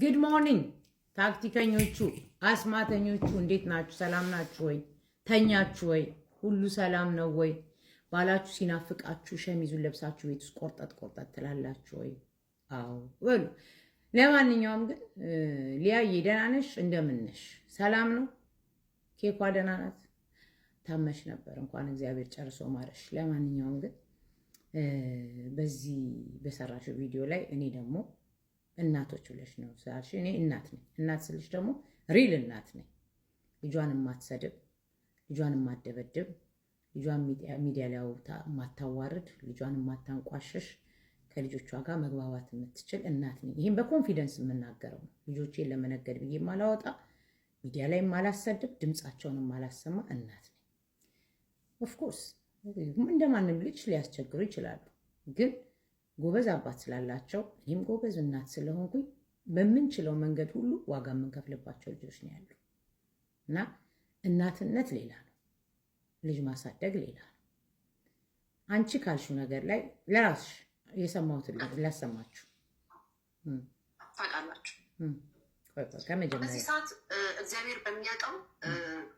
ጉድ ሞርኒንግ ታክቲከኞቹ አስማተኞቹ እንዴት ናችሁ? ሰላም ናችሁ ወይ? ተኛችሁ ወይ? ሁሉ ሰላም ነው ወይ? ባላችሁ ሲናፍቃችሁ ሸሚዙን ለብሳችሁ ቤት ውስጥ ቆርጠት ቆርጠት ትላላችሁ ወይ? አዎ በሉ። ለማንኛውም ግን ሊያዬ ደህና ነሽ? እንደምን ነሽ? ሰላም ነው? ኬኳ ደህና ናት? ታመሽ ነበር፣ እንኳን እግዚአብሔር ጨርሶ ማረሽ። ለማንኛውም ግን በዚህ በሰራችው ቪዲዮ ላይ እኔ ደግሞ እናቶች ብለሽ ነው ስላልሽ እኔ እናት ነኝ። እናት ስልሽ ደግሞ ሪል እናት ነኝ። ልጇን የማትሰድብ ልጇን የማደበድብ ልጇን ሚዲያ ላይ የማታዋርድ ልጇን የማታንቋሸሽ ከልጆቿ ጋር መግባባት የምትችል እናት ነኝ። ይህም በኮንፊደንስ የምናገረው ነው። ልጆቼን ለመነገድ ብዬ የማላወጣ ሚዲያ ላይ የማላሰድብ ድምፃቸውን የማላሰማ እናት ነኝ። ኦፍኮርስ እንደማንም ልጅ ሊያስቸግሩ ይችላሉ ግን ጎበዝ አባት ስላላቸው እኔም ጎበዝ እናት ስለሆንኩኝ በምንችለው መንገድ ሁሉ ዋጋ የምንከፍልባቸው ልጆች ነው ያሉ እና እናትነት ሌላ ነው፣ ልጅ ማሳደግ ሌላ ነው። አንቺ ካልሽው ነገር ላይ ለራስሽ የሰማሁትን ላሰማችሁ ታውቃላችሁ። ሰዓት እግዚአብሔር በሚያውቀው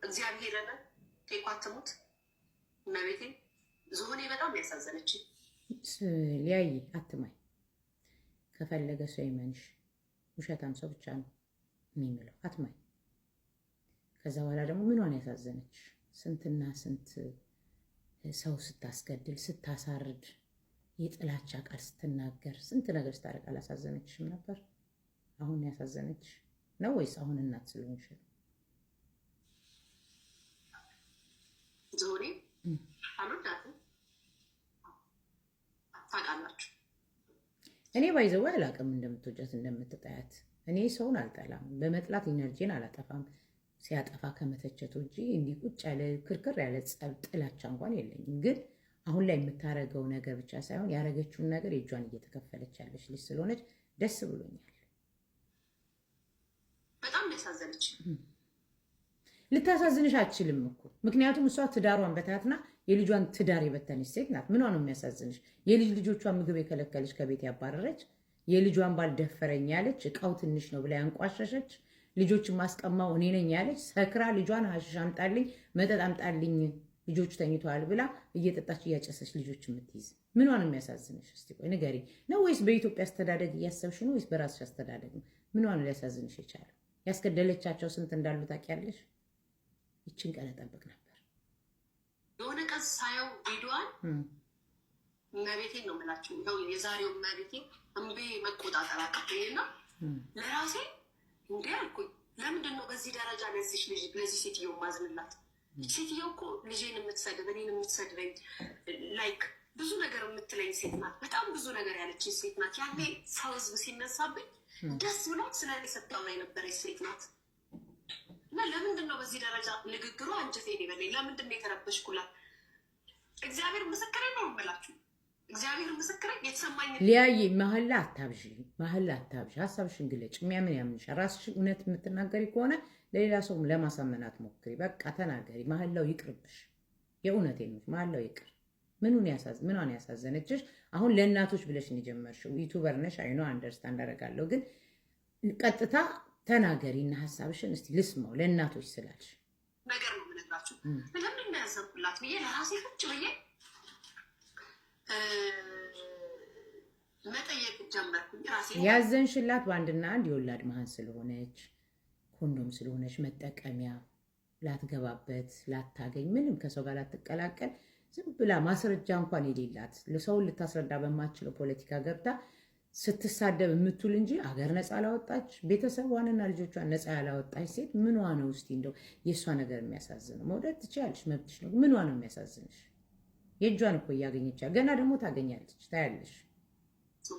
እግዚአብሔርን ቴኳትሙት እመቤቴ ዝሆኔ በጣም ያሳዘነችኝ ሊያይ አትማይ ከፈለገ ሰው ይመንሽ። ውሸታም ሰው ብቻ ነው የሚምለው፣ አትማይ። ከዛ በኋላ ደግሞ ምኗን ያሳዘነች ስንትና ስንት ሰው ስታስገድል ስታሳርድ የጥላቻ ቃል ስትናገር ስንት ነገር ስታደርግ አላሳዘነችሽም ነበር? አሁን ያሳዘነች ነው ወይስ አሁን እናት ስለሆንሽ ነው? ዞሬ አልወዳትም እኔ ባይዘው አላቅም እንደምትወጃት እንደምትጠያት። እኔ ሰውን አልጠላም፣ በመጥላት ኢነርጂን አላጠፋም። ሲያጠፋ ከመተቸት ውጭ እንዲህ ቁጭ ያለ ክርክር ያለ ጸብ፣ ጥላቻ እንኳን የለኝም። ግን አሁን ላይ የምታረገው ነገር ብቻ ሳይሆን ያረገችውን ነገር የእጇን እየተከፈለች ያለች ልጅ ስለሆነች ደስ ብሎኛል። በጣም ያሳዘነች ልታሳዝንሽ አትችልም እኮ ምክንያቱም እሷ ትዳሯን በታትና የልጇን ትዳር የበተነች ሴት ናት። ምኗ ነው የሚያሳዝንሽ? የልጅ ልጆቿን ምግብ የከለከለች፣ ከቤት ያባረረች፣ የልጇን ባል ደፈረኝ ያለች፣ እቃው ትንሽ ነው ብላ ያንቋሸሸች፣ ልጆችን ማስቀማው እኔ ነኝ ያለች፣ ሰክራ ልጇን ሀሽሽ አምጣልኝ፣ መጠጥ አምጣልኝ፣ ልጆቹ ተኝተዋል ብላ እየጠጣች እያጨሰች ልጆች የምትይዝ ምኗ ነው የሚያሳዝንሽ? እስቲ ቆይ ንገሪኝ። ነው ወይስ በኢትዮጵያ አስተዳደግ እያሰብሽ ነው ወይስ በራስሽ አስተዳደግ ነው? ምኗ ነው ሊያሳዝንሽ የቻለው? ያስገደለቻቸው ስንት እንዳሉ ታውቂያለሽ? ይችን ቀን እጠብቅ ነበር። የሆነ ቀን ሳየው ቪዲዮዋን መቤቴን ነው የምላችሁ፣ ይኸው የዛሬው እመቤቴ እምቤ መቆጣጠር አቅቶኝና ለራሴ እንዲ አልኩኝ። ለምንድን ነው በዚህ ደረጃ ለዚች ልጅ ለዚህ ሴትዮ ማዝንላት? ሴትዮ እኮ ልጄን የምትሰድብ እኔን የምትሰድበኝ ላይክ ብዙ ነገር የምትለኝ ሴት ናት። በጣም ብዙ ነገር ያለችኝ ሴት ናት። ያኔ ሰው ህዝብ ሲነሳብኝ ደስ ብሎት ስለ ሰጠው ላይ ነበረች ሴት ናት። እና ለምንድን ነው በዚህ ደረጃ ንግግሩ አንጀቴን ይበላኝ? ለምንድን ነው የተረበሽኩላት? እግዚአብሔር ምስክር ነው የምላችሁ። እግዚአብሔር ምስክር የተሰማኝ ሊያይ መሀል አታብዥ፣ መሀል አታብዥ። ሀሳብሽን ግለጭ። የሚያምን ያምንሻ። ራስሽ እውነት የምትናገሪ ከሆነ ለሌላ ሰውም ለማሳመናት ሞክሪ። በቃ ተናገሪ። መሀላው ይቅርብሽ። የእውነት ነው መሀላው ይቅር። ምኗን ያሳዘነችሽ? አሁን ለእናቶች ብለሽ ነው የጀመርሽው። ዩቱበር ነሽ አይኖ አንደርስታንድ አደርጋለሁ፣ ግን ቀጥታ ተናገሪ እና ሀሳብሽን እስቲ ልስማው። ለእናቶች ስላልሽ ነገር ነው የምነግራችሁ። ምንም የሚያዘንኩላት ብዬ ለራሴ ፍጭ ብዬ መጠየቅ ጀመርኩኝ። ራሴ ያዘንሽላት በአንድና አንድ የወላድ መሀን ስለሆነች ኮንዶም ስለሆነች መጠቀሚያ ላትገባበት ላታገኝ ምንም ከሰው ጋር ላትቀላቀል ዝም ብላ ማስረጃ እንኳን የሌላት ለሰውን ልታስረዳ በማችለው ፖለቲካ ገብታ ስትሳደብ የምትውል እንጂ አገር ነፃ ላወጣች ቤተሰቧንና ልጆቿን ነፃ ያላወጣች ሴት ምኗ ነው እስቲ እንደው የእሷ ነገር የሚያሳዝነው? መውደድ ትችያለሽ፣ መብትሽ ነው። ምኗ ነው የሚያሳዝንሽ? የእጇን እኮ እያገኘች ገና ደግሞ ታገኛለች፣ ታያለሽ።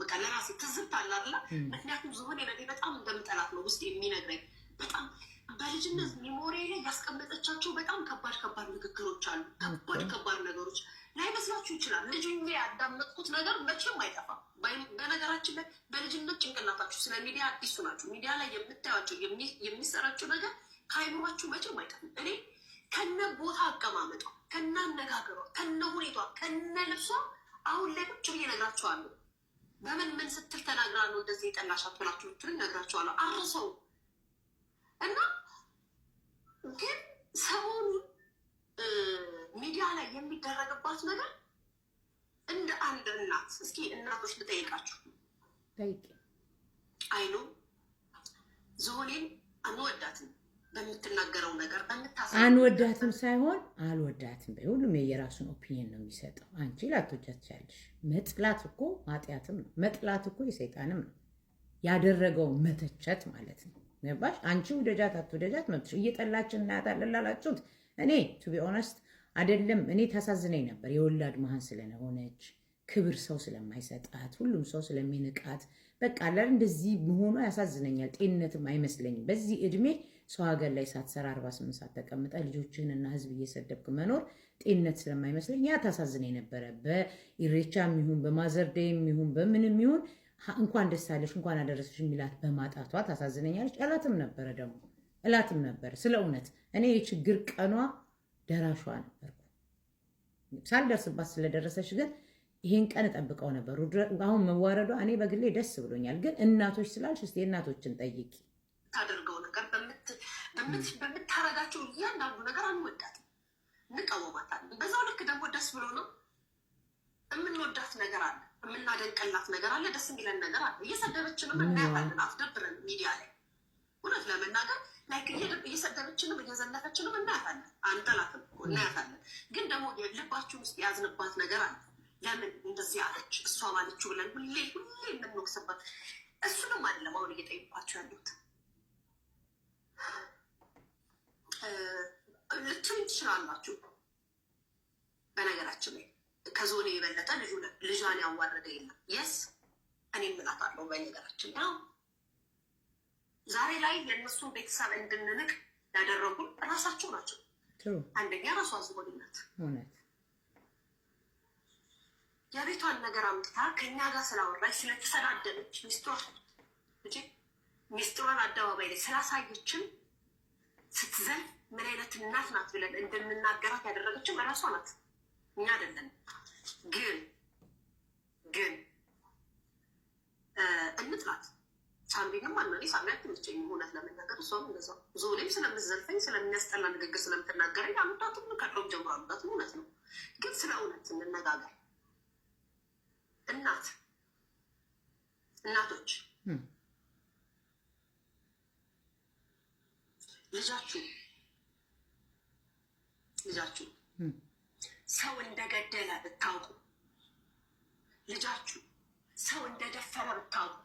በቃ ለራሴ ትዝብት አላለ። ምክንያቱም ዝሆን የበኔ በጣም እንደምጠላት ነው ውስጥ የሚነግረኝ በጣም በልጅነት ሚሞሪ ላይ ያስቀመጠቻቸው በጣም ከባድ ከባድ ንግግሮች አሉ። ከባድ ከባድ ነገሮች ላይመስላችሁ ይችላል። ልጅ ያዳመጥኩት ነገር መቼም አይጠፋም። በነገራችን ላይ በልጅነት ጭንቅላታችሁ ስለ ሚዲያ አዲሱ ናችሁ። ሚዲያ ላይ የምታያቸው የሚሰራቸው ነገር ከአይምሯችሁ መቼም አይጠፍም። እኔ ከነ ቦታ አቀማመጧ፣ ከነ አነጋገሯ፣ ከነ ሁኔቷ፣ ከነ ልብሷ አሁን ላይ ቁጭ ብዬ ነግራቸዋለሁ። በምን ምን ስትል ተናግራ ነው እንደዚህ የጠላሻት ብላችሁ ብትሉኝ አርሰው እና ግን ሰሞኑን ሚዲያ ላይ የሚደረግባት ነገር እንደ አንድ እናት እስኪ እናቶች ልጠይቃችሁ። አይኑ ዝሆኔን አንወዳትም በምትናገረው ነገር አንወዳትም ሳይሆን አልወዳትም። ሁሉም የየራሱን ኦፒኒየን ነው የሚሰጠው። አንቺ ላትወጃት ትችያለሽ። መጥላት እኮ ማጥያትም ነው። መጥላት እኮ የሰይጣንም ነው ያደረገው መተቸት ማለት ነው። ገባሽ? አንቺ ውደጃት አትወደጃት መብትሽ። እየጠላችን እናያታለን ላላችሁት እኔ ቱ ቢ ኦነስት አይደለም እኔ ታሳዝነኝ ነበር። የወላድ መሀን ስለሆነች ክብር ሰው ስለማይሰጣት ሁሉም ሰው ስለሚንቃት በቃ አላል እንደዚህ መሆኗ ያሳዝነኛል። ጤንነትም አይመስለኝም። በዚህ እድሜ ሰው ሀገር ላይ ሳትሰራ 48 ሰዓት ተቀምጠ ልጆችህንና ህዝብ እየሰደብክ መኖር ጤንነት ስለማይመስለኝ ያ ታሳዝነኝ ነበረ። በኢሬቻም ይሁን በማዘርደይም ይሁን በምንም ይሁን እንኳን ደስ አለሽ እንኳን አደረሰሽ የሚላት በማጣቷ ታሳዝነኛለች። እላትም ነበረ ደግሞ እላትም ነበረ ስለ እውነት እኔ የችግር ቀኗ ደራሿ ነበርኩ። ሳልደርስባት ስለደረሰች ግን ይህን ቀን እጠብቀው ነበር። አሁን መዋረዷ እኔ በግሌ ደስ ብሎኛል። ግን እናቶች ስላልሽ እስኪ እናቶችን ጠይቂ። ታደርገው ነገር በምታረጋቸው እያንዳንዱ ነገር አንወዳትም፣ እንቃወማታለን። በዛው ልክ ደግሞ ደስ ብሎ ነው የምንወዳት ነገር አለ፣ የምናደንቀላት ነገር አለ፣ ደስ የሚለን ነገር አለ። እየሰደበችንም እናያታለን፣ አትደብረን ሚዲያ ላይ እውነት ለመናገር ላይ እየሰደበችንም እየዘለፈችንም እናያታለን። አንጠላትም እኮ እናያታለን። ግን ደግሞ ልባችሁ ውስጥ የያዝንባት ነገር አለ። ለምን እንደዚህ አለች እሷ ማለችው ብለን ሁሌ ሁሌ የምንወቅስበት እሱንም አይደለም አሁን እየጠየኳቸው ያሉት ልትሉ ትችላላችሁ። በነገራችን ላይ ከዞኔ የበለጠ ልጇን ያዋረደ የለም። የስ እኔ እምላታለሁ። በነገራችን ነው ዛሬ ላይ የእነሱን ቤተሰብ እንድንንቅ ያደረጉን እራሳቸው ናቸው። አንደኛ ራሷ ዝጎድናት የቤቷን ነገር አምጥታ ከእኛ ጋር ስላወራች ስለተሰዳደበች ሚስጥሯን ሚስጥሯን አደባባይ ላይ ስላሳየችም ስትዘል ምን አይነት እናት ናት ብለን እንደምናገራት ያደረገችም እራሷ ናት፣ እኛ አይደለም። ግን ግን እንጥላት ቻምሪንም አንዳንዴ ሳሚ አትመቸኝም፣ እውነት ለመናገር እሷም እንደዛው ብዙ ላይም ስለምዘልፈኝ ስለሚያስጠላ ንግግር ስለምትናገረኝ አምዳትም ከድሮም ጀምሮ አምዳትም እውነት ነው። ግን ስለ እውነት እንነጋገር። እናት እናቶች ልጃችሁ ልጃችሁ ሰው እንደገደለ ብታውቁ፣ ልጃችሁ ሰው እንደደፈረ ብታውቁ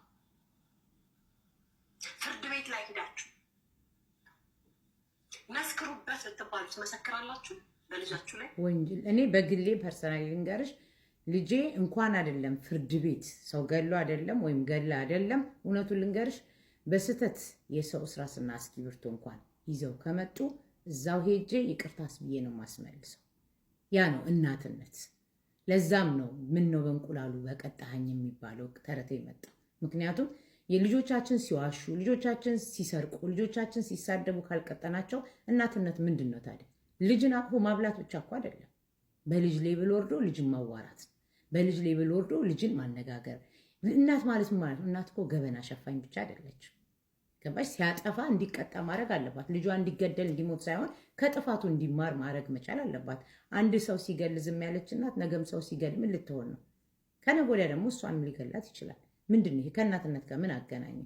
ፍርድ ቤት ላይ ሄዳችሁ መስክሩበት ብትባሉ ትመሰክራላችሁ? በልጃችሁ ላይ ወንጀል። እኔ በግሌ ፐርሰናል ልንገርሽ፣ ልጄ እንኳን አይደለም ፍርድ ቤት ሰው ገሎ አይደለም ወይም ገለ አይደለም፣ እውነቱን ልንገርሽ፣ በስህተት የሰው ስራ እስራስና እስክሪብቶ እንኳን ይዘው ከመጡ እዛው ሄጄ ይቅርታስ ብዬ ነው ማስመልሰው። ያ ነው እናትነት። ለዛም ነው ምን ነው በእንቁላሉ በቀጣሃኝ የሚባለው ተረት የመጣ ምክንያቱም የልጆቻችን ሲዋሹ፣ ልጆቻችን ሲሰርቁ፣ ልጆቻችን ሲሳደቡ ካልቀጠናቸው እናትነት ምንድን ነው ታዲያ? ልጅን አቅፎ ማብላት ብቻ እኮ አይደለም። በልጅ ሌብል ወርዶ ልጅን ማዋራት፣ በልጅ ሌብል ወርዶ ልጅን ማነጋገር። እናት ማለት ማለት እናት እኮ ገበና ሸፋኝ ብቻ አይደለች ገባሽ? ሲያጠፋ እንዲቀጣ ማድረግ አለባት። ልጇ እንዲገደል እንዲሞት ሳይሆን ከጥፋቱ እንዲማር ማድረግ መቻል አለባት። አንድ ሰው ሲገል ዝም ያለች እናት ነገም ሰው ሲገል ምን ልትሆን ነው? ከነገ ወዲያ ደግሞ እሷንም ሊገላት ይችላል። ምንድን ይሄ ከእናትነት ጋር ምን አገናኘ?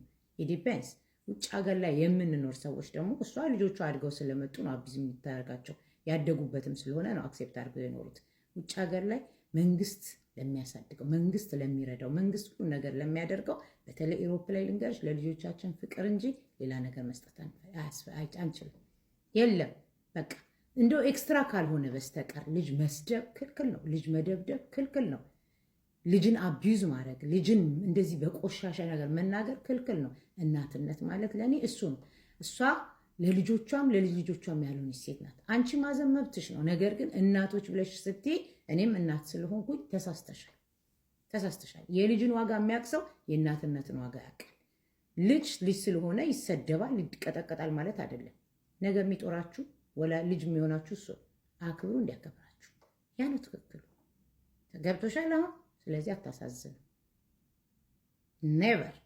ኢዲፔንስ ውጭ ሀገር ላይ የምንኖር ሰዎች ደግሞ እሷ ልጆቹ አድገው ስለመጡ ነው አቢዝ የምታደርጋቸው ያደጉበትም ስለሆነ ነው አክሴፕት አድርገው የኖሩት። ውጭ ሀገር ላይ መንግስት ለሚያሳድገው መንግስት ለሚረዳው መንግስት ሁሉ ነገር ለሚያደርገው በተለይ ኢሮፕ ላይ ልንገርሽ፣ ለልጆቻችን ፍቅር እንጂ ሌላ ነገር መስጠት አንችልም። የለም በቃ እንደው ኤክስትራ ካልሆነ በስተቀር ልጅ መስደብ ክልክል ነው። ልጅ መደብደብ ክልክል ነው። ልጅን አቢዩዝ ማድረግ ልጅን እንደዚህ በቆሻሻ ነገር መናገር ክልክል ነው። እናትነት ማለት ለእኔ እሱ ነው። እሷ ለልጆቿም ለልጅ ልጆቿም ያልሆነች ሴት ናት። አንቺ ማዘን መብትሽ ነው። ነገር ግን እናቶች ብለሽ ስትይ እኔም እናት ስለሆንኩኝ ተሳስተሻል፣ ተሳስተሻል። የልጅን ዋጋ የሚያቅሰው የእናትነትን ዋጋ ያውቃል። ልጅ ልጅ ስለሆነ ይሰደባል፣ ይቀጠቀጣል ማለት አይደለም። ነገ የሚጦራችሁ ወላ ልጅ የሚሆናችሁ እሱ አክብሩ፣ እንዲያከብራችሁ ያ ነው ትክክሉ። ገብቶሻል አሁን ስለዚህ አታሳዝኑ ኔቨር